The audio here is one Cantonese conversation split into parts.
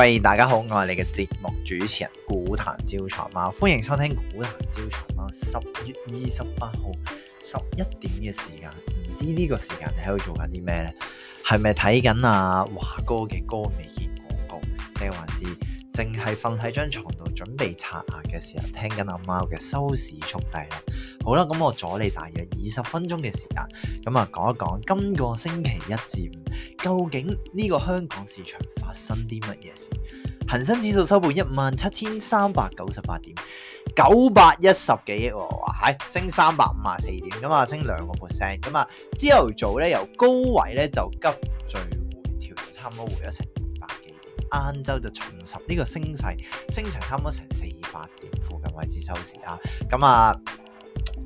喂，大家好，我係你嘅節目主持人股壇招財貓，歡迎收聽股壇招財貓。十月二十八號十一點嘅時間，唔知呢個時間你喺度做緊啲咩呢？係咪睇緊阿華哥嘅歌未？見廣告定還是？淨係瞓喺張床度準備刷牙嘅時候，聽緊阿媽嘅收市速遞啦。好啦，咁我阻你大約二十分鐘嘅時間，咁啊講一講今個星期一至五究竟呢個香港市場發生啲乜嘢事？恒生指數收報一萬七千三百九十八點，九百一十幾億，哇，係升三百五啊四點，咁啊升兩個 percent，咁啊朝頭早咧由高位咧就急聚回調，調差唔多回一成。晏晝就重拾呢個升勢，升成差唔多成四百點附近位置收市啊，咁啊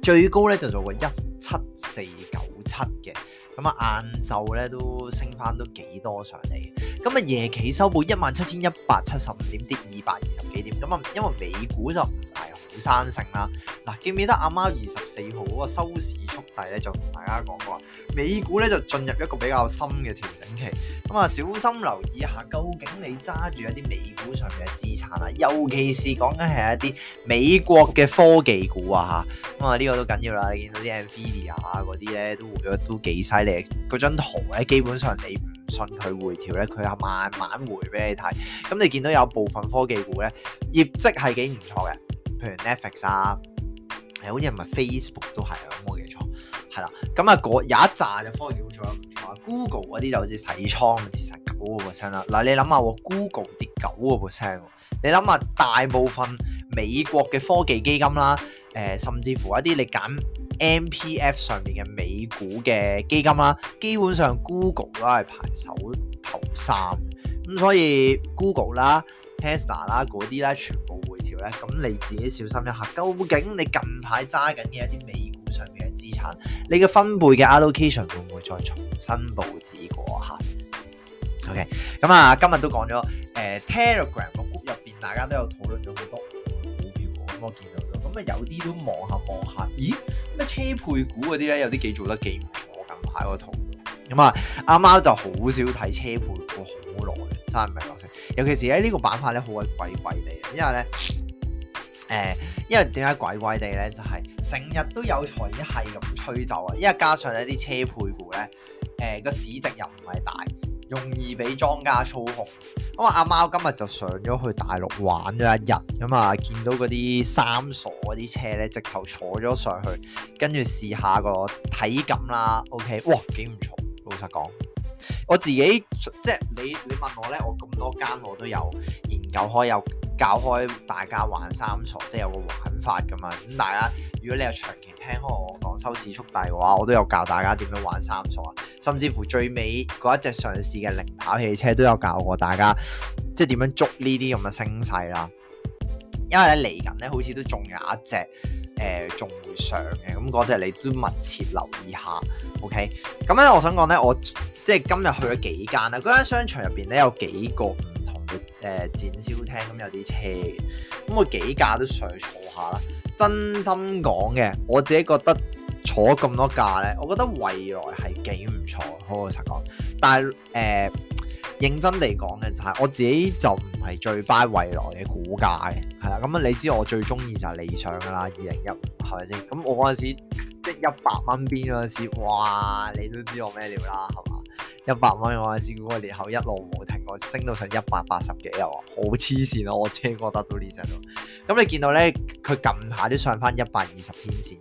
最高咧就做過一七四九七嘅。咁啊，晏晝咧都升翻都幾多上嚟，咁啊夜期收報一萬七千一百七十五點，跌二百二十幾點，咁、嗯、啊因為美股就唔係好生性啦。嗱、啊，記唔記得阿、啊、貓二十四號嗰個收市速遞咧，就同大家講過，美股咧就進入一個比較深嘅調整期，咁、嗯、啊小心留意下，究竟你揸住一啲美股上面嘅資產啊，尤其是講緊係一啲美國嘅科技股啊吓，咁啊呢、呢個都緊要啦。你見到啲 Nvidia 啊嗰啲咧都回咗都幾犀。嚟嗰張圖咧，基本上你唔信佢回調咧，佢係慢慢回俾你睇。咁你見到有部分科技股咧，業績係幾唔錯嘅，譬如 Netflix 啊，係好似唔係 Facebook 都係咁冇嘅錯，係啦。咁、那、啊、個，有一紮嘅科技股仲有唔錯，仲有 Google 嗰啲就好似洗倉，跌成九個 percent 啦。嗱，你諗下，Google 跌九個 percent，你諗下大部分美國嘅科技基金啦，誒、呃，甚至乎一啲你揀 MPF 上面嘅美股嘅基金啦，基本上 Google 都係排首頭三，咁所以 Google 啦、Tesla 啦嗰啲咧，全部回調咧，咁你自己小心一下，究竟你近排揸緊嘅一啲美股上面嘅資產，你嘅分配嘅 allocation 會唔會再重新佈置過下？OK，咁啊，今日都講咗，誒 Telegram 個 group 入邊，大家都有討論咗好多股票，咁我見到咁啊，有啲都望下望下，咦？咩車配股嗰啲咧，有啲幾做得幾唔錯。近排個套咁、嗯、啊，阿貓就好少睇車配股，好耐，真係唔係講笑。尤其是喺、啊這個、呢個板塊咧，好鬼鬼怪哋。因為咧，誒、呃，因為點解鬼鬼哋咧，就係成日都有財一係咁吹走啊。因為加上呢啲車配股咧，誒、呃、個市值又唔係大。容易俾莊家操控，咁啊阿貓今日就上咗去大陸玩咗一日，咁啊見到嗰啲三傻嗰啲車咧，直頭坐咗上去，跟住試下個體感啦，OK，哇幾唔錯，老實講。我自己即係你，你問我咧，我咁多間我都有研究開，有教開大家玩三傻，即係有個玩法噶嘛。咁大家如果你有長期聽開我講收市速遞嘅話，我都有教大家點樣玩三傻啊，甚至乎最尾嗰一隻上市嘅零跑汽車都有教過大家，即係點樣捉呢啲咁嘅升勢啦。因為咧，嚟緊咧，好似都仲有一隻誒，仲、呃、會上嘅，咁嗰隻你都密切留意下。OK，咁咧，我想講咧，我。即係今日去咗幾間啦，嗰間商場入邊咧有幾個唔同嘅誒展銷廳，咁有啲車嘅，咁我幾架都想坐下啦。真心講嘅，我自己覺得坐咁多架咧，我覺得蔚來係幾唔錯，好唔好實講？但係誒、呃，認真嚟講嘅就係、是、我自己就唔係最 buy 蔚來嘅股價嘅，係啦。咁你知我最中意就係理想噶啦，二零一係咪先？咁我嗰陣時即一百蚊邊嗰陣時，哇！你都知我咩料啦，係嘛？啊、我口一百蚊嘅話，試過年後一路冇停過，升到上一百八十幾啊！好黐線咯，我自己覺得到呢隻咯。咁你見到呢？佢近排都上翻一百二十天線，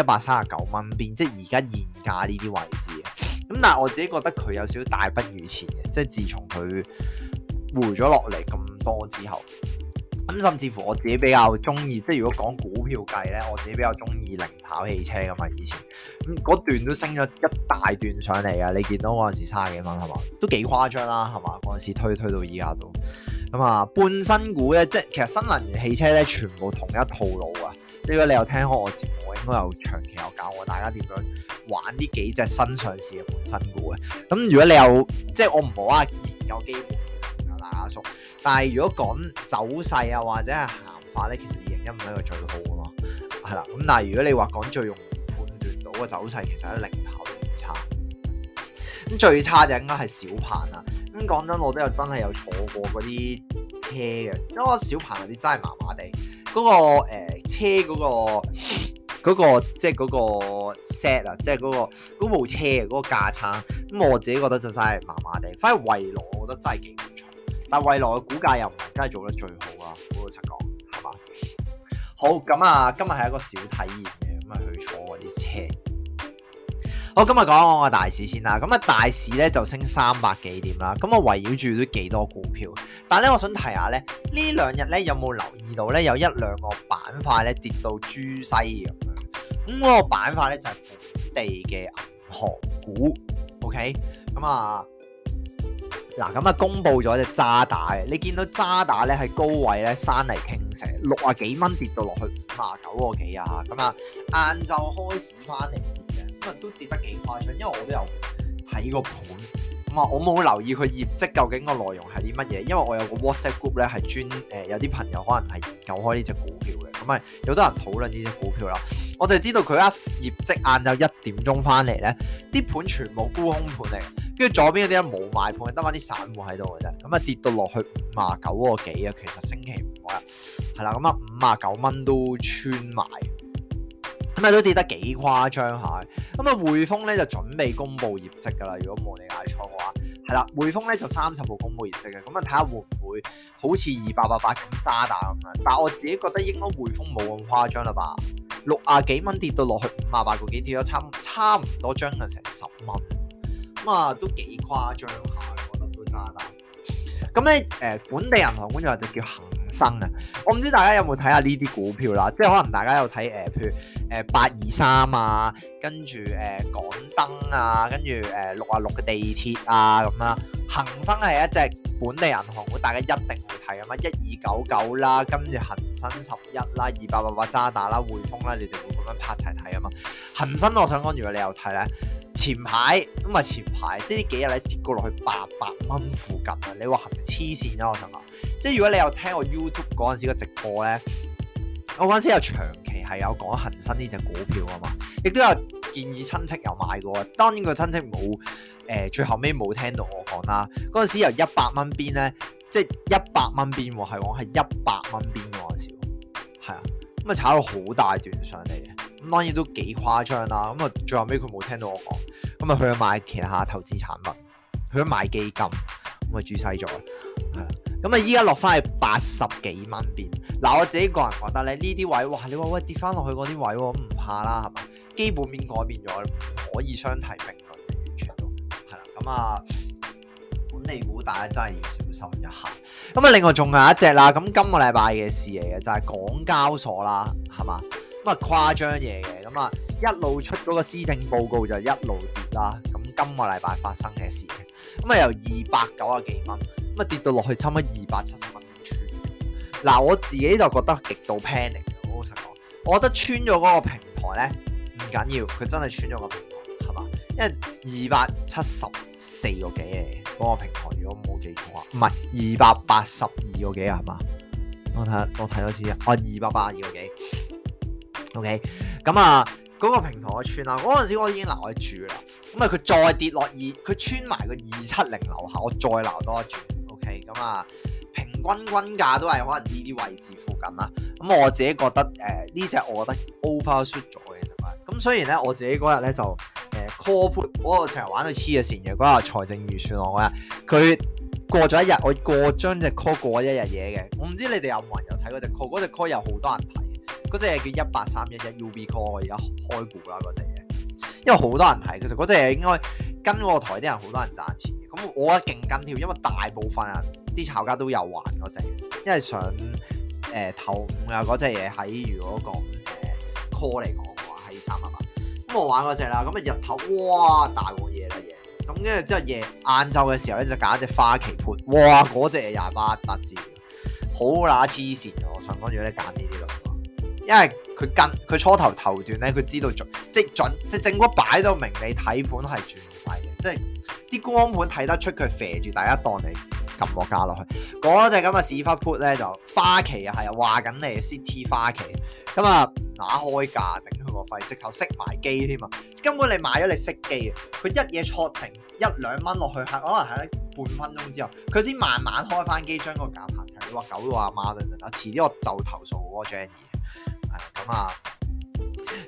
一百三十九蚊邊，即係而家現價呢啲位置。咁但係我自己覺得佢有少少大不如前嘅，即係自從佢回咗落嚟咁多之後。咁、嗯、甚至乎我自己比較中意，即係如果講股票計咧，我自己比較中意零跑汽車噶嘛，以前咁嗰、嗯、段都升咗一大段上嚟噶。你見到嗰陣時三十幾蚊係嘛，都幾誇張啦係嘛。嗰陣時推推到而家都咁啊、嗯、半新股咧，即係其實新能源汽車咧，全部同一套路啊。如果你有聽開我節目，我應該有長期有教我大家點樣玩呢幾隻新上市嘅半新股嘅。咁如果你有，即係我唔好話有機會。但係如果講走勢啊，或者係行法咧，其實二零一五係個最好咯，係啦。咁但係如果你話講最容易判斷到個走勢，其實係零頭唔差，咁最差就應該係小鵬啦。咁講真，我都有真係有坐過嗰啲車嘅，因為小鵬有啲真係麻麻地嗰個誒、呃、車嗰、那個、那個即係嗰個 set 啊、那個，即係嗰個嗰部車嗰、那個價差咁，我自己覺得就真係麻麻地。反而蔚來，我覺得真係幾唔錯。但係未來嘅股價又唔係，梗係做得最好啊！好老實講，係嘛？好咁啊，今日係一個小體驗嘅，咁啊去坐我啲車。好，今日講講個大市先啦。咁啊，大市咧就升三百幾點啦。咁啊，圍繞住都幾多股票。但係咧，我想提下咧，呢兩日咧有冇留意到咧有一兩個板塊咧跌到豬西咁樣？咁嗰個板塊咧就係本地嘅銀行股。OK，咁啊。嗱，咁啊，公布咗隻渣打嘅，你見到渣打咧喺高位咧，山泥傾瀉，六啊幾蚊跌到落去五啊九個幾啊，咁、嗯、啊，晏晝開始翻嚟跌嘅，咁啊都跌得幾誇張㖏，因為我都有睇個盤。我冇留意佢業績究竟個內容係啲乜嘢，因為我有個 WhatsApp group 咧係專誒、呃、有啲朋友可能係研究開呢隻股票嘅，咁係有多人討論呢隻股票啦。我哋知道佢一業績晏晝一點鐘翻嚟咧，啲盤全部沽空盤嚟，跟住左邊嗰啲冇買盤，得翻啲散戶喺度嘅啫。咁啊跌到落去五啊九個幾啊，其實星期五啊，係啦，咁啊五啊九蚊都穿埋。咁啊都跌得幾誇張下，咁啊匯豐咧就準備公布業績㗎啦。如果冇理解錯嘅話，係啦，匯豐咧就三十號公布業績嘅。咁啊睇下會唔會好似二百八八咁渣打咁樣？但係我自己覺得應該匯豐冇咁誇張啦吧。六啊幾蚊跌到落去五啊八個幾，跌咗差差唔多，將近成十蚊。咁啊都幾誇張下，我覺得都渣打。咁咧誒，本地銀行啊，我哋叫生啊！我唔知大家有冇睇下呢啲股票啦，即係可能大家有睇誒，譬如誒八二三啊，跟住誒、呃、港燈啊，跟住誒六啊六嘅地鐵啊咁啦。恒生係一隻本地銀行股，大家一定會睇啊嘛，一二九九啦，跟住恒生十一啦，二八八八渣打啦，匯豐啦，你哋會咁樣拍齊睇啊嘛。恒生，我想講，如果你有睇咧。前排咁啊，前排即係呢幾日咧跌過落去八百蚊附近啊！你話係咪黐線啊？我想問，即係如果你有聽我 YouTube 嗰陣時嘅直播咧，我嗰陣時有長期係有講恒生呢隻股票啊嘛，亦都有建議親戚有買過。當然個親戚冇誒、呃，最後尾冇聽到我講啦。嗰陣時由一百蚊邊咧，即係一百蚊邊喎，係講係一百蚊邊喎，嗰陣時。係啊，咁啊炒到好大段上嚟嘅。當然都幾誇張啦，咁啊最後尾，佢冇聽到我講，咁啊去買其他投資產品，去咗買基金，咁啊注細咗，係咁啊依家落翻去八十幾蚊邊，嗱我自己個人講，但係呢啲位，哇！你話喂跌翻落去嗰啲位，唔怕啦，係嘛？基本面改變咗，唔可以相提並論完全都係啦，咁啊，咁你估大家真係要小心一下。咁啊，另外仲有一隻啦，咁今個禮拜嘅事嚟嘅就係港交所啦，係嘛？咁啊，誇張嘢嘅咁啊，一路出嗰個施政報告就一路跌啦。咁今個禮拜發生嘅事，咁啊由二百九啊幾蚊咁啊跌到落去差唔多二百七十蚊穿。嗱，我自己就覺得極度 panic 嚟嘅，我老實講，我覺得穿咗嗰個平台咧唔緊要，佢真係穿咗個平台係嘛？因為二百七十四個幾嘅嗰個平台，嗰個、平台如果冇記錯啊，唔係二百八十二個幾啊，係嘛？我睇下，我睇多次啊，二百八十二個幾。O K，咁啊，嗰、okay, 個平台我穿啦，嗰、那、陣、個、時我已經留咗住啦。咁啊，佢再跌落二，佢穿埋個二七零樓下，我再留多一轉。O K，咁啊，平均均價都係可能呢啲位置附近啦。咁我自己覺得，誒呢隻我覺得 over shoot 咗嘅咁。雖然咧，我自己嗰日咧就誒 copy，我成日玩到黐嘅線嘅嗰日財政預算我啊，佢過咗一日，我過張隻 call 過一日嘢嘅。我唔知你哋有冇人有睇嗰隻 call，嗰隻 call 有好多人睇。嗰隻嘢叫一八三一一 UB call 而家開股啦，嗰隻嘢，因為好多人睇，其實嗰隻嘢應該跟我台啲人好多人賺錢嘅，咁我啊勁跟添，因為大部分人啲炒家都有玩嗰隻，因為想誒、呃、頭五啊嗰隻嘢喺如果個、呃、call 嚟講嘅話喺三百八。咁我玩嗰隻啦，咁、那、啊、個那個、日頭哇大鑊嘢啦嘢，咁跟住之後夜晏晝嘅時候咧就揀隻花旗盤，哇嗰隻嘢廿八百字，那個、00, 好乸黐線嘅，我想講如果你揀呢啲咯。因為佢跟佢初頭頭段咧，佢知道做即準即正骨擺到明，你睇盤係轉曬嘅，即係啲光盤睇得出佢肥住大家檔，你撳落加落去嗰隻咁嘅屎忽 p u t 咧，就花旗係話緊嚟嘅 C T 花旗咁啊，打開價頂佢個費直頭熄埋機添啊！根本你買咗你熄機啊！佢一嘢挫成一兩蚊落去，係可能喺半分鐘之後佢先慢慢開翻機將個價彈出，你話狗都阿媽對唔對啊？遲啲我就投訴嗰個 Jenny。咁啊，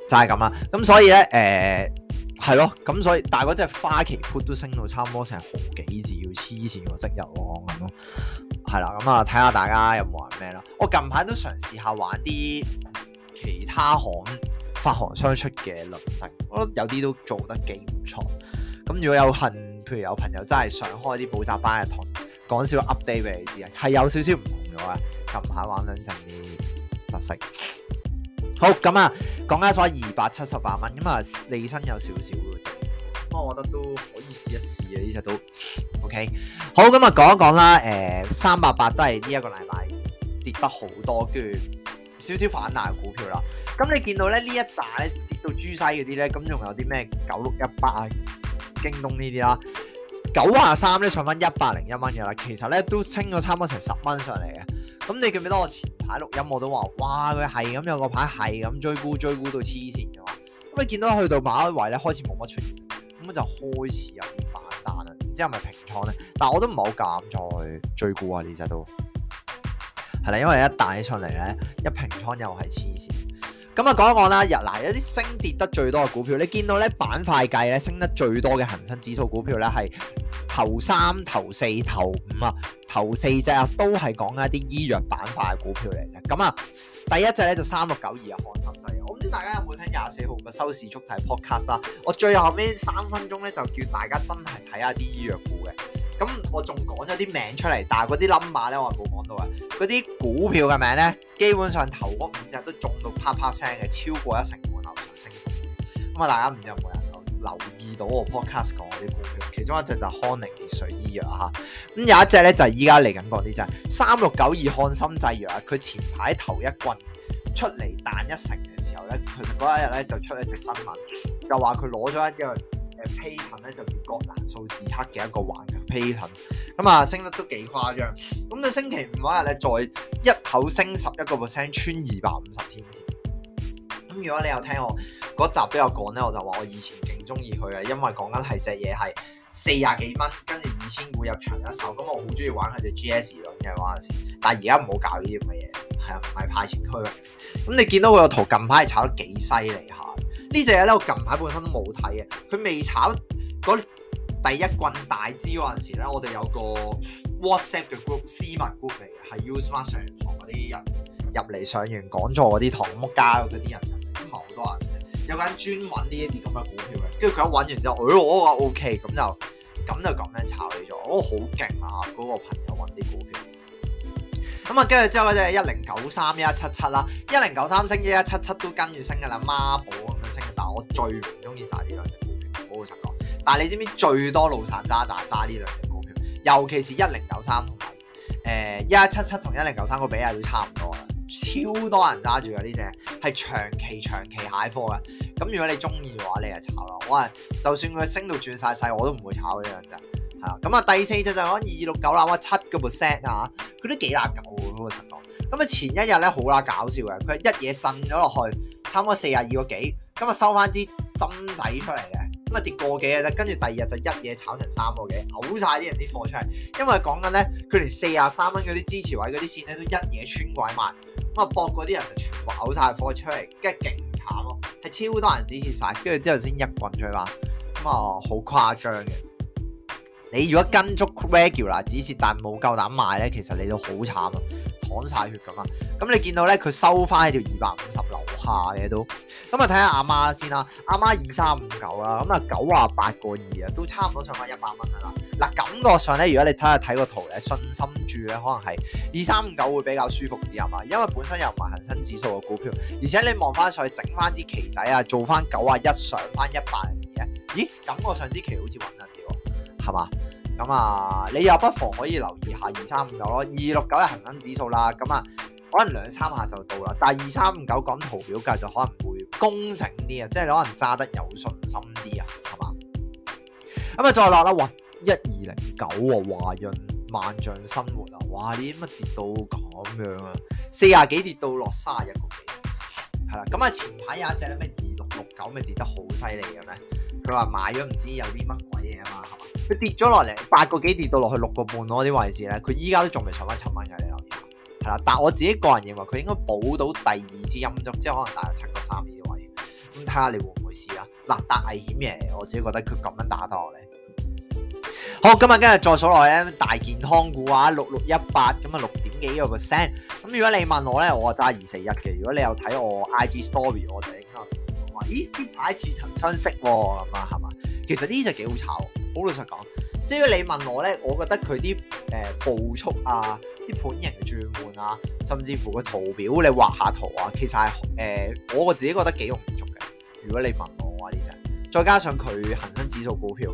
就係咁啦。咁所以咧，誒、呃，係咯。咁所以，但係嗰隻花旗 put 都升到差唔多成好幾字，要黐線個即日王咁咯。係啦，咁啊，睇下大家有冇話咩啦。我近排都嘗試下玩啲其他行發行商出嘅輪證，我諗有啲都做得幾唔錯。咁如果有幸，譬如有朋友真係想開啲補習班嘅，同講少 update 俾你知啊，係有少少唔同嘅。近排玩兩陣啲特色。好咁啊，講、嗯、緊所二百七十八蚊，咁啊利差有少少咯，不過我覺得都可以試一試啊，呢隻都 OK 好。好咁啊，講一講啦，誒、呃，三百八都係呢一個禮拜跌得好多，跟住少少反彈嘅股票啦。咁你見到咧呢一紮咧跌到豬西嗰啲咧，咁仲有啲咩九六一八啊、100, 京東呢啲啦，九廿三咧上翻一百零一蚊嘅啦，其實咧都清咗差唔多成十蚊上嚟嘅。咁你叫唔叫多我錢？睇錄音我都話，哇佢係咁有個牌係咁追沽追沽到黐線嘅嘛，咁你見到去到某一位咧開始冇乜出現，咁就開始有啲反彈啦。唔知係咪平倉咧？但係我都唔係好敢再追沽啊呢隻都，係啦，因為一彈起上嚟咧，一平倉又係黐線。咁啊講一講啦，日嗱、啊、有啲升跌得最多嘅股票，你見到咧板塊計咧升得最多嘅恒生指數股票咧係。頭三、頭四、頭五啊，頭四隻啊都係講緊一啲醫藥板塊嘅股票嚟嘅。咁啊，第一隻咧就三六九二啊，翰森製。我唔知大家有冇聽廿四號嘅收市速遞 podcast 啦。我最後面三分鐘咧就叫大家真係睇下啲醫藥股嘅。咁我仲講咗啲名出嚟，但係嗰啲冧碼咧我冇講到啊。嗰啲股票嘅名咧，基本上頭嗰五隻都中到啪啪聲嘅，超過一成半啊升。咁啊，大家唔知有冇？留意到我 podcast 講嗰啲股票，其中一隻就係康寧水醫藥吓，咁有一隻咧就係依家嚟緊講啲就係三六九二漢森製藥啊，佢前排頭一棍出嚟彈一成嘅時候咧，其實嗰一日咧就出一隻新聞，就話佢攞咗一個誒 patent 咧，就叫葛蘭素史克嘅一個環嘅 patent，咁啊升得都幾誇張，咁到星期五嗰日咧再一口升十一個 percent 穿二百五十天線。如果你有聽我嗰集都有講咧，我就話我以前勁中意佢啊，因為講緊係隻嘢係四十幾蚊，跟住二千股入場一手咁、嗯，我好中意玩佢隻 G S 輪嘅嗰陣時。但而家唔好搞呢啲咁嘅嘢，係啊，唔係派錢區。咁你見到個圖近排係炒得幾犀利下呢隻嘢咧？我近排本身都冇睇嘅，佢未炒第一棍大支嗰陣時咧，我哋有個 WhatsApp 嘅 group 私密 group 嚟嘅，係 U Smart 上堂嗰啲人入嚟上完講座嗰啲堂屋家嗰啲人。好多人嘅，有個人專揾呢一啲咁嘅股票嘅，跟住佢一揾完之後，哎，我話 OK，咁就咁就咁樣炒你咗，哦，好勁啊！嗰、那個朋友揾啲股票，咁、嗯、啊，跟住之後咧，即係一零九三一一七七啦，一零九三升一一七七都跟住升嘅啦，孖寶咁樣升嘅，但係我最唔中意揸呢兩隻股票，我好老實講。但係你知唔知最多老散揸揸揸呢兩隻股票，尤其是一零九三同埋誒一一七七同一零九三個比啊，都差唔多。超多人揸住嘅呢隻，係長期長期蟹貨嘅。咁如果你中意嘅話，你就炒咯。我係就算佢升到轉晒勢，我都唔會炒呢兩隻。係啦，咁、嗯、啊第四隻就講二六九啦，哇七個 percent 啊，佢都幾難搞嘅個情況。咁、嗯、啊前一日咧好啦搞笑嘅，佢一嘢震咗落去，差唔多四廿二個、嗯嗯、幾，咁啊收翻支針仔出嚟嘅，咁啊跌過幾日嘞，跟住第二日就一嘢炒成三個幾，嘔晒啲人啲貨出嚟，因為講緊咧佢連四廿三蚊嗰啲支持位嗰啲線咧都一嘢穿鬼埋。咁啊，博嗰啲人就全部嘔晒貨出嚟，跟住勁慘咯，係超多人止蝕晒，跟住之後先一棍吹翻，咁啊好誇張嘅。你如果跟足 regular，止蝕但冇夠膽賣咧，其實你都好慘啊，淌晒血咁啊。咁你見到咧，佢收翻喺條二百五十樓下嘅都，咁啊睇下阿媽先啦，阿媽二三五九啦，咁啊九啊八個二啊，都差唔多上翻一百蚊噶啦。嗱，感覺上咧，如果你睇下睇個圖咧，信心住咧，可能係二三五九會比較舒服啲啊嘛，因為本身又唔係恆生指數嘅股票，而且你望翻上去整翻支旗仔啊，做翻九啊一上翻一百零二咧，咦？感覺上支旗好似穩啲喎，係嘛？咁啊，你又不妨可以留意下二三五九咯，二六九係恒生指數啦，咁啊，可能兩三下就到啦。但係二三五九講圖表計就可能會工整啲啊，即係你可能揸得有信心啲啊，係嘛？咁啊，再落啦，一二零九，華潤、哦、萬象生活啊，哇！你乜跌到咁樣啊？四廿幾跌到落三廿一個幾，係啦。咁啊，前排有一隻咧，咩二六六九，咪跌得好犀利嘅咩？佢話買咗唔知有啲乜鬼嘢啊嘛，係嘛？佢跌咗落嚟八個幾跌到落去六個半嗰啲位置咧，佢依家都仲未上翻七蚊嘅，你有冇？係啦，但我自己個人認為佢應該補到第二支陰燭，即係可能大約七個三呢啲位。咁睇下你會唔會試啊？嗱，但危險嘅，我自己覺得佢咁樣打到落嚟。好，今日今日再數落咧，大健康股啊，六六一八咁啊，六點幾個 percent。咁如果你問我咧，我啊揸二四一嘅。如果你有睇我 IG story，我哋應該同你講話，咦，呢排似曾相識喎，咁啊係嘛？其實呢隻幾好炒，好老實講。即係如果你問我咧、啊，我覺得佢啲誒步速啊，啲盤形轉換啊，甚至乎個圖表，你畫下圖啊，其實係誒、呃，我自己覺得幾容易捉嘅。如果你問我話呢隻，再加上佢恒生指數股票。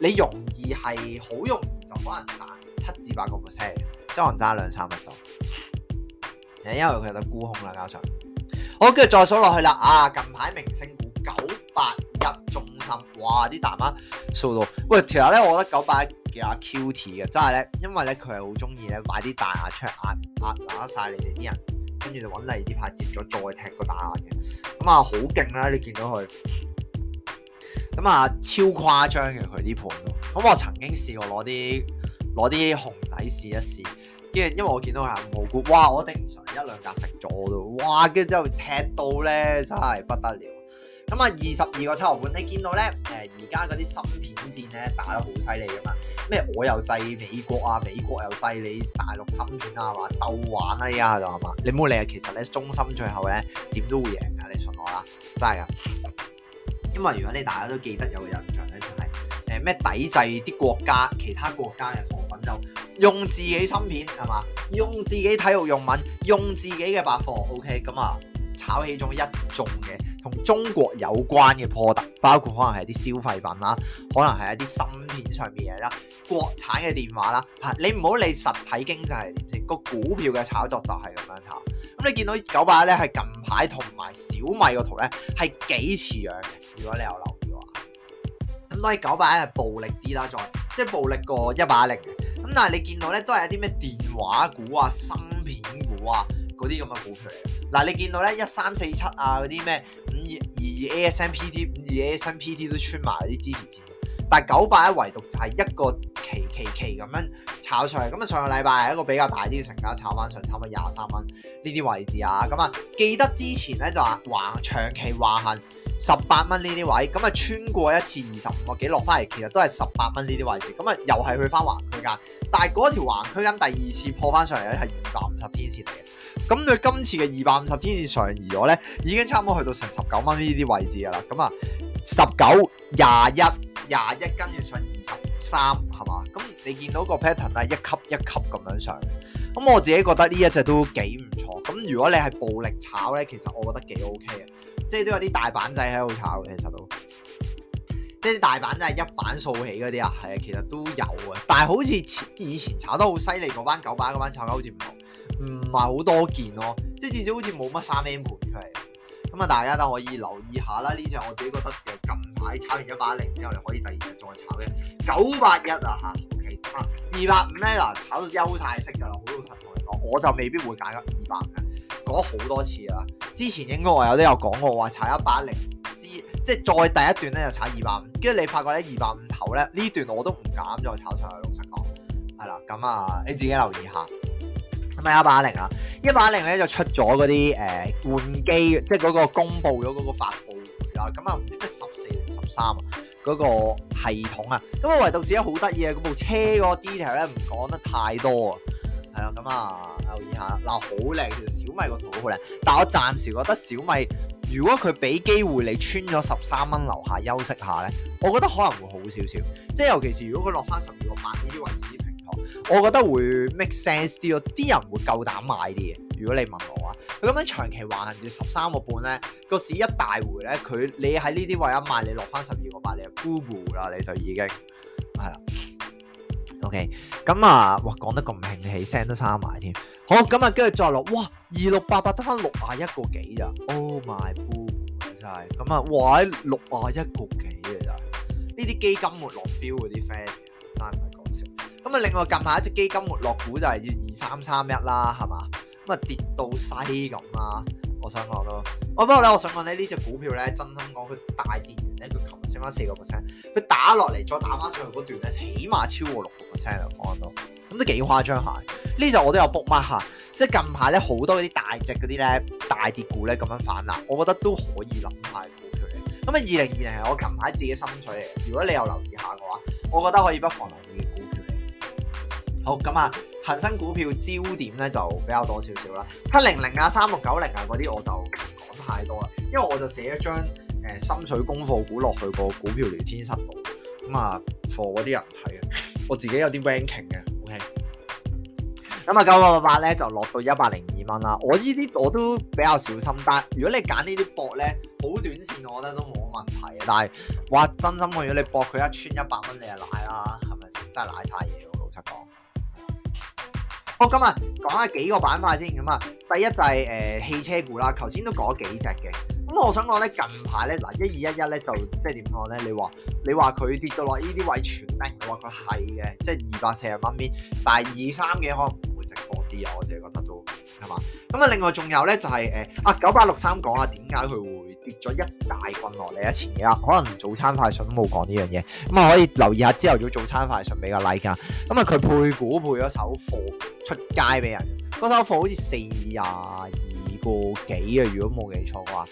你容易係好容易就可能打七至八個 percent，即可能打兩三日就。r 因為佢有得沽空啦，加上好，跟住再數落去啦。啊，近排明星股九八一中心，哇！啲大媽數到喂，條友咧，我覺得九八一幾阿 Q t 嘅，真係咧，因為咧佢係好中意咧買啲大出壓出壓壓打晒你哋啲人，跟住就揾嚟啲牌接咗再踢個大壓嘅。咁啊，好勁啦！你見到佢。咁啊、嗯，超誇張嘅佢啲盤咯。咁、嗯、我曾經試過攞啲攞啲紅底試一試，跟住因為我見到佢冇 good 哇！我頂唔順一兩架食咗都，哇！跟住之後踢到咧真係不得了。咁、嗯、啊，二十二個七號盤，你見到咧？誒、呃，而家嗰啲芯片戰咧打得好犀利㗎嘛？咩我又制美國啊，美國又制你大陸芯片啊嘛，鬥玩啊依家就係嘛？你冇理啊，其實咧中芯最後咧點都會贏㗎，你信我啦，真係啊。因為如果你大家都記得有印象咧，就係誒咩抵制啲國家、其他國家嘅貨品，就用自己芯片係嘛，用自己體育用品，用自己嘅百貨。OK，咁啊炒起咗一眾嘅同中國有關嘅 product，包括可能係啲消費品啦，可能係一啲芯片上面嘢啦，國產嘅電話啦，嚇你唔好理實體經濟係點先，個股票嘅炒作就係咁樣炒。咁你見到九百一咧係近排同埋小米個圖咧係幾似樣嘅，如果你有留意嘅話。咁當然九百一係暴力啲啦，再即係暴力過一百一零。嘅。咁但係你見到咧都係一啲咩電話股啊、芯片股啊嗰啲咁嘅股票嚟。嘅。嗱，你見到咧一三四七啊嗰啲咩五二二 ASMPT、五二 ASMPT AS 都穿埋啲支持線。但九百一唯獨就係一個奇奇奇咁樣炒上嚟，咁啊上個禮拜係一個比較大啲嘅成交，炒翻上差唔多廿三蚊呢啲位置啊，咁啊記得之前咧就話橫長期橫行十八蚊呢啲位，咁啊穿過一次二十五個幾落翻嚟，其實都係十八蚊呢啲位置，咁啊又係去翻橫區間，但係嗰條橫區間第二次破翻上嚟咧係二百五十天線嚟嘅，咁佢今次嘅二百五十天線上移，移咗咧已經差唔多去到成十九蚊呢啲位置噶啦，咁啊十九廿一。19, 21, 廿一跟住上二十三，係嘛？咁你見到個 pattern 咧，一級一級咁樣上。咁我自己覺得呢一隻都幾唔錯。咁如果你係暴力炒咧，其實我覺得幾 OK 啊。即係都有啲大板仔喺度炒嘅，其實都。即係啲大板仔一板掃起嗰啲啊，係啊，其實都有啊。但係好似以前炒得好犀利嗰班九板嗰班炒家好似唔同，唔係好多件咯、啊。即係至少好似冇乜三 M 盤出嚟。咁啊，大家都可以留意下啦。呢隻我自己覺得嘅近排炒完一百零之後，你可以第二日再炒嘅九百一啊吓，OK，二百五咧嗱，炒到休曬息噶啦，好老實同你講，我就未必會揀二百嘅，講好多次啦。之前應該我有都有講過話，炒一百零之，即係再第一段咧就炒二百五，跟住你發覺咧二百五頭咧呢段我都唔敢再炒上去。老實講。係啦，咁啊，你自己留意下。係咪一百零啊一百零咧就出咗嗰啲誒換機，即係嗰個公布咗嗰個發布會啦。咁啊唔知咩十四定十三啊，嗰個系統啊。咁啊唯度子咧好得意啊，嗰部車嗰個 detail 咧唔講得太多啊。係啊，咁啊留意下啦。嗱，好靚，其實小米個圖好靚。但我暫時覺得小米，如果佢俾機會你穿咗十三蚊樓下休息下咧，我覺得可能會好少少。即係尤其是如果佢落翻十二個八呢啲位置。我覺得會 make sense 啲咯，啲人會夠膽買啲嘢。如果你問我啊，佢咁樣長期橫行住十三個半咧，個市一大回咧，佢你喺呢啲位一賣，你落翻十二個八，你就 b o o m b o 啦，你就已經係啦。OK，咁啊，哇，講得咁興起，聲都沙埋添。好，咁啊，跟住再落，哇，二六八八得翻六啊一個幾咋？Oh my boo！真係咁啊，哇，六啊一個幾嘅咋？呢啲基金會落標嗰啲 friend。咁啊！另外近排一隻基金沒落股就係要二三三一啦，係嘛？咁啊跌到西咁啦、啊。我想講咯，我、哦、不過咧，我想講咧，呢隻股票咧，真心講佢大跌完咧，佢琴日升翻四個 percent，佢打落嚟再打翻上去嗰段咧，起碼超過六個 percent 啊，講到咁、嗯、都幾誇張下。呢隻我都有 book mark 下，即係近排咧好多嗰啲大隻嗰啲咧大跌股咧咁樣反彈，我覺得都可以諗下股票嚟。咁、嗯、啊，二零二零係我近排自己心水嚟嘅。如果你有留意下嘅話，我覺得可以不妨留意。好，咁啊，恒生股票焦點咧就比較多少少啦，七零零啊、三六九零啊嗰啲我就唔講太多啦，因為我就寫一張誒、呃、深水功課股落去、個股票聊天室度，咁啊 for 嗰啲人睇啊， 我自己有啲 ranking 嘅，ok，咁啊九百八十八咧就落到一百零二蚊啦，我呢啲我都比較小心，但如果你揀呢啲博咧，好短線我覺得都冇問題嘅，但係話真心嘅，如果你博佢一穿一百蚊，你就瀨啦，係咪先？真係瀨晒嘢。好，今日講下幾個板塊先。咁啊，第一就係、是、誒、呃、汽車股啦，頭先都講咗幾隻嘅。咁我想講咧，近排咧嗱，一二一一咧就即係點講咧？你話你話佢跌到落呢啲位全跌嘅話，佢係嘅，即係二百四十蚊邊，但係二三嘅可能唔會值博啲啊，我自己覺得都係嘛。咁啊，另外仲有咧就係、是、誒，啊九八六三講下點解佢會？跌咗一大棍落嚟一前幾日，可能早餐快訊都冇講呢樣嘢，咁啊可以留意下朝頭早早餐快訊俾個 like 噶，咁啊佢配股配咗首貨出街俾人，嗰首貨好似四廿二個幾啊，如果冇記錯嘅話，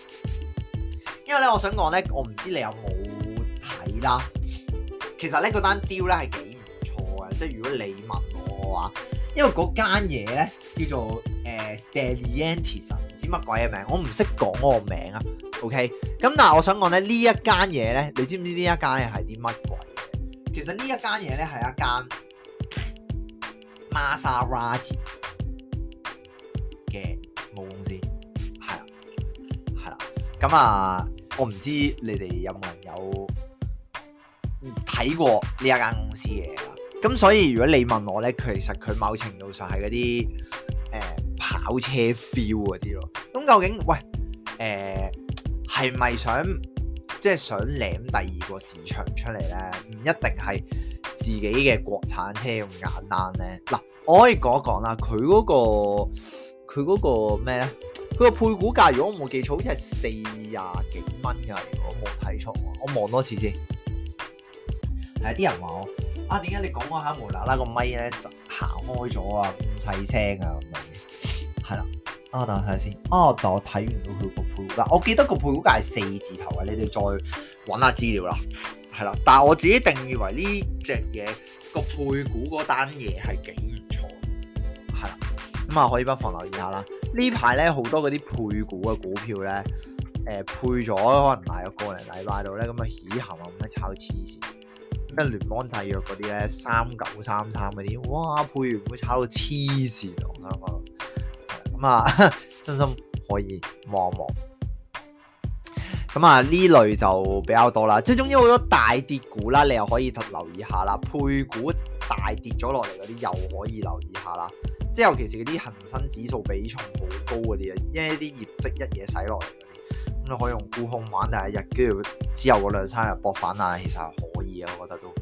因為咧我想講咧，我唔知你有冇睇啦，其實咧嗰單 deal 咧係幾唔錯啊。即係如果你問我嘅話，因為嗰間嘢咧叫做誒 Stellantis。呃 St 乜鬼嘅名，我唔識講我個名啊。OK，咁嗱，我想講咧呢一間嘢咧，你知唔知呢一間係啲乜鬼嘅？其實一呢一間嘢咧係一間 Maserati 嘅母公司，係啦，係啦。咁、嗯、啊、嗯，我唔知你哋有冇人有睇過呢一間公司嘅。咁所以如果你問我咧，其實佢某程度上係啲誒。呃跑車 feel 嗰啲咯，咁究竟喂，誒係咪想即係想舐第二個市場出嚟咧？唔一定係自己嘅國產車咁簡單咧。嗱，我可以講一講啦，佢嗰個佢嗰個咩咧？佢個配股價如果我冇記錯，好似係四廿幾蚊㗎。如果我冇睇錯，我望多次先。係啲人話我啊，點解你講嗰下無啦啦個咪咧就行開咗啊，咁細聲啊？啊、哦，等我睇下先。啊、哦，但我睇唔到佢個配股價，我記得個配股價係四字頭嘅，你哋再搵下資料啦。係啦，但係我自己定義為呢隻嘢個配股嗰單嘢係幾唔錯。係啦，咁啊可以不妨留意下啦。呢排咧好多嗰啲配股嘅股票咧，誒、呃、配咗可能大約個零禮拜度咧，咁啊起行啊咁樣炒黐線，咁啊聯邦契約嗰啲咧三九三三嗰啲，哇，配完會炒到黐線，我啱啱。咁啊，真心可以望一望。咁啊，呢類就比較多啦，即係總之好多大跌股啦，你又可以留意下啦。配股大跌咗落嚟嗰啲又可以留意下啦。即係尤其是嗰啲恒生指數比重好高嗰啲啊，因為啲業績一嘢洗落嚟嗰啲，咁你可以用沽空玩第一日，跟住之後嗰兩三日搏反啊，其實可以啊，我覺得都。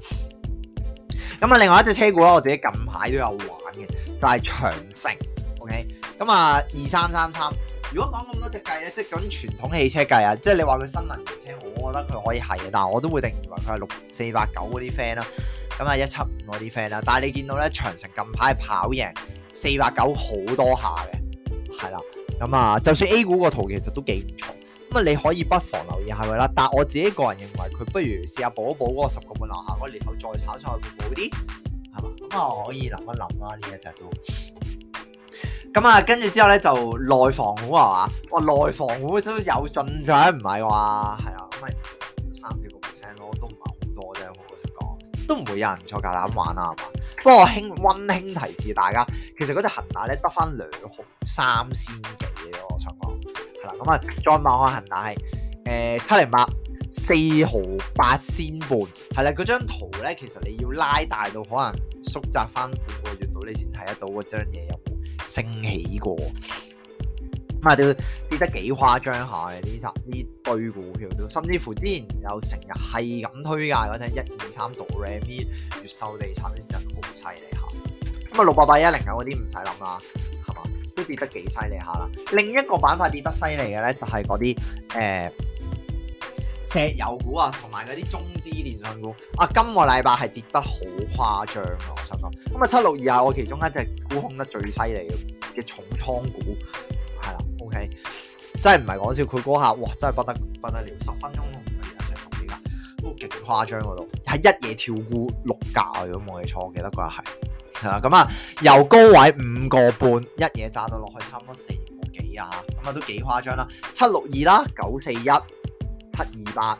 咁啊，另外一隻車股啦，我自己近排都有玩嘅，就係長城。OK。咁啊，二三三三，33, 如果講咁多隻計咧，即係咁傳統汽車計啊，即係你話佢新能源車，我覺得佢可以係啊，但係我都會定義為佢係六四八九嗰啲 friend 啦。咁啊，一七五嗰啲 friend 啦，但係你見到咧，長城近排跑贏四百九好多下嘅，係啦。咁啊，就算 A 股個圖其實都幾唔錯，咁啊，你可以不妨留意係咪啦。但係我自己個人認為，佢不如試下補一補嗰個十個半樓下嗰年後再炒一炒會好啲，係嘛？咁啊，可以諗一諗啦，呢一隻都。咁啊，跟住之後咧就內房股啊嘛，哇，內房股，都有進賬唔係話，係啊，咁咪三幾個 percent 咯，都唔係好多啫，我想講都唔會有人坐槓鈿玩啦，係嘛？不過輕温馨提示大家，其實嗰隻恆大咧得翻兩毫三仙幾嘅，我想講係啦，咁啊再望下恆大，誒七零八四毫八仙半，係啦，嗰張圖咧其實你要拉大到可能縮窄翻半個月度，你先睇得到嗰張嘢有。升起過，咁啊都跌得幾誇張吓，呢集呢堆股票都，甚至乎之前有成日係咁推介嗰隻一二三度 Ram y 越秀地產，真係好犀利吓，咁啊六八八一零九嗰啲唔使諗啦，係嘛，都跌得幾犀利下啦，另一個板塊跌得犀利嘅，咧就係嗰啲誒。呃石油股啊，同埋嗰啲中資電信股啊，今個禮拜係跌得好誇張啊。我想講咁啊七六二啊，我其中一隻沽空得最犀利嘅重倉股係啦，OK，真係唔係講笑，佢嗰下哇真係不得不得了，十分鐘同佢得，齊同跌啦，都勁誇張嗰度，係一夜跳沽六價，如果冇記錯，我記得嗰日係係啦，咁啊、嗯、由高位五個半一夜炸到落去差唔多四個幾啊，咁啊都幾誇張、啊、啦，七六二啦，九四一。七二八，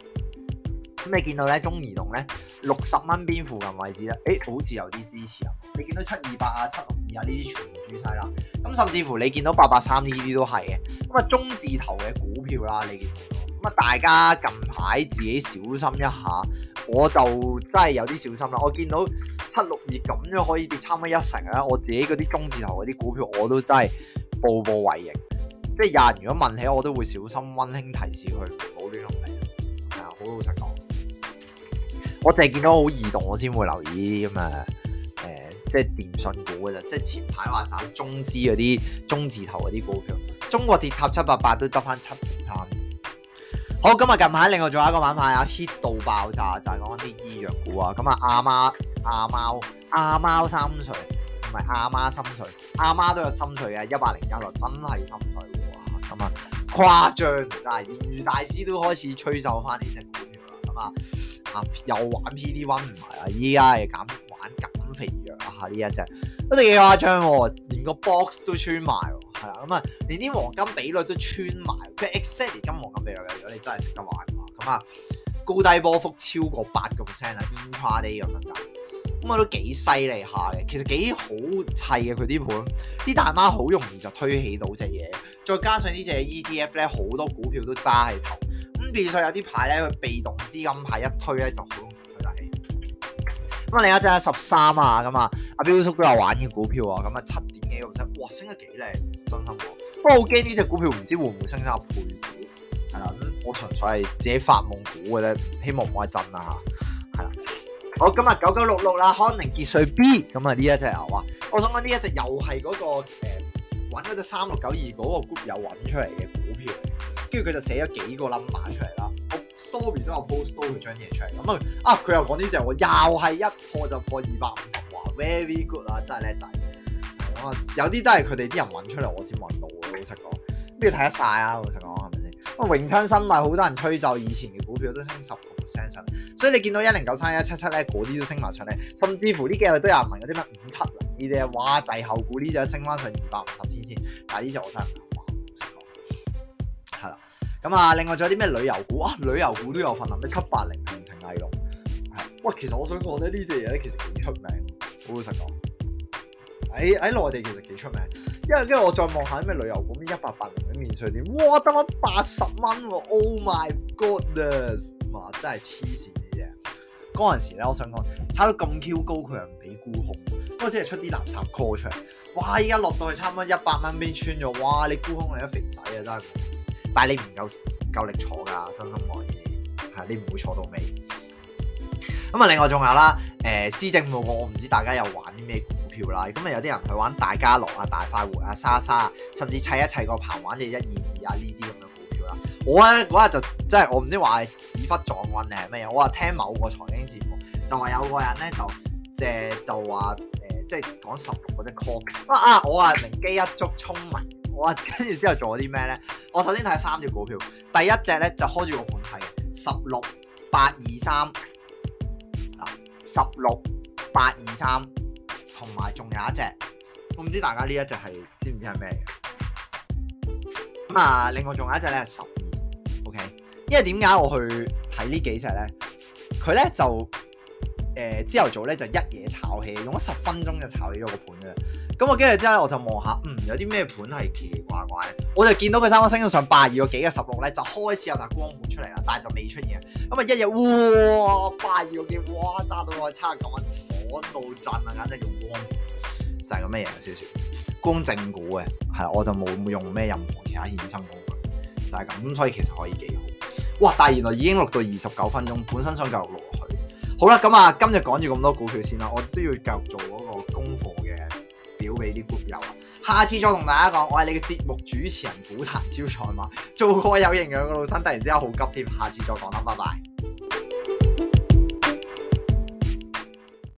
咁你見到咧中移動咧六十蚊邊附近位置咧，誒、欸、好似有啲支持啊！你見到七二八啊、七六二啊呢啲全部趨晒啦，咁甚至乎你見到八八三呢啲都係嘅。咁啊中字頭嘅股票啦，你見到，咁啊大家近排自己小心一下，我就真係有啲小心啦。我見到七六二咁樣可以跌差唔多一成啊，我自己嗰啲中字頭嗰啲股票我都真係步步為營。即係有人，如果問起，我都會小心溫馨提示佢，冇呢種嘢，係啊，好老實講，我淨係見到好異動，我先會留意咁啊，誒、呃，即係電信股嘅啫，即係前排話賺中資嗰啲中字頭嗰啲股票，中國鐵塔七八八都得翻七點三。好，今日近排另外仲有一個玩法，啊 h i t 到爆炸，就係講啲醫藥股啊，咁啊阿媽、阿貓、阿貓三水同埋阿媽深水，阿媽都有深水啊，一百零一落真係深水。咁啊、嗯，誇張！嗱，魚大師都開始吹奏翻呢隻股票啦。咁、嗯、啊，啊、嗯、又玩 P D One 唔係啊，依家又減玩減肥藥啊！呢一隻，一定幾誇張喎，連個 box 都穿埋喎，係啦，咁啊，嗯、連啲黃金比率都穿埋，即係 exactly 金黃金比率嘅，如果你真係識得玩喎。咁、嗯、啊、嗯，高低波幅超過八個 percent 啦，intraday 咁樣。咁啊都幾犀利下嘅，其實幾好砌嘅佢啲盤，啲大媽好容易就推起到隻嘢，再加上隻呢隻 ETF 咧好多股票都揸喺頭，咁變相有啲牌咧佢被動資金牌一推咧就好容易推起。咁、嗯、啊、另一隻十三啊咁啊，阿彪叔都有玩嘅股票啊，咁、嗯、啊、七點幾咁升，哇升得幾靚，真心喎、哦。不過我驚呢隻股票唔知會唔會升翻個配股，係啦，咁我純粹係自己發夢估嘅啫，希望唔係真啊嚇。好，今日九九六六啦，康寧杰瑞 B，咁啊呢一隻牛啊，我想講呢一隻又係嗰、嗰個誒，揾嗰隻三六九二嗰個 group 有揾出嚟嘅股票，跟住佢就寫咗幾個 number 出嚟啦，我 story 都有 post 多佢張嘢出嚟，咁、嗯、啊啊佢又講呢隻，我又係一破就破二百五十，哇 very good 啊，真係叻仔，有啲都係佢哋啲人揾出嚟，我先揾到嘅，老實講，咩睇得晒啊，老實講係咪先？啊榮昌生物好多人推就以前嘅股票都升十。升上，所以你見到一零九三一七七咧，嗰啲都升埋上嚟，甚至乎呢幾日都有人問嗰啲乜五七零呢啲啊，哇！大後股呢隻升翻上二百五十天線，但呢隻我真係哇，唔識講！係啦，咁啊，另外仲有啲咩旅遊股啊？旅遊股都有份，嗰啲七八零零停麗龍，係哇！其實我想講咧，呢隻嘢咧，其實幾出名，好好實講喺喺內地其實幾出名，因為因為我再望下啲咩旅遊股，咩一百八零零免稅店，哇！得翻八十蚊喎，Oh my goodness！啊、真係黐線嘅啫。嗰陣時咧，我想講，炒到咁 Q 高，佢又唔俾沽空，嗰陣時係出啲垃圾 call 出嚟。哇！依家落到去差唔多一百蚊邊穿咗。哇！你沽空你啲肥仔啊，真係。但係你唔夠唔夠力坐㗎，真心懷疑係你唔會坐到尾。咁、嗯、啊，另外仲有啦，誒、呃，施政報告，我唔知大家有玩啲咩股票啦。咁啊，有啲人去玩大家樂啊、大快活啊、莎莎甚至砌一砌個棚玩嘅一二二啊呢啲咁樣。我咧嗰日就即係我唔知話係屎忽撞運定係咩嘢，我話聽某個財經節目就話有個人咧就誒就話誒、呃、即係講十六嗰隻 call 啊啊！我話靈機一觸，聰明，我話跟住之後做咗啲咩咧？我首先睇三隻股票，第一隻咧就開住個盤係十六八二三嗱，十六八二三，同埋仲有一隻，我唔知大家呢一隻係知唔知係咩咁啊，另外仲有一隻咧十。因為點解我去睇呢幾隻咧？佢咧就誒朝頭早咧就一夜炒起，用咗十分鐘就炒起咗個盤嘅。咁我跟住之後咧我就望下，嗯，有啲咩盤係奇奇怪怪。我就見到佢三個升到上八二個幾嘅十六咧，就開始有沓光盤出嚟啦，但係就未出現。咁啊，一日哇八二個幾哇，揸到我差咁蚊，爽到震啊！簡直用光盤就係個咩嘢少少光正股嘅，係啦，我就冇用咩任何其他衍生工具，就係、是、咁。所以其實可以幾。哇！但係原來已經錄到二十九分鐘，本身想繼續錄落去。好啦，咁啊，今日講住咁多股票先啦，我都要繼續做嗰個功課嘅表俾啲股友啦。下次再同大家講，我係你嘅節目主持人股壇招財貓。做個有營養嘅老生，突然之間好急添，下次再講啦，拜拜。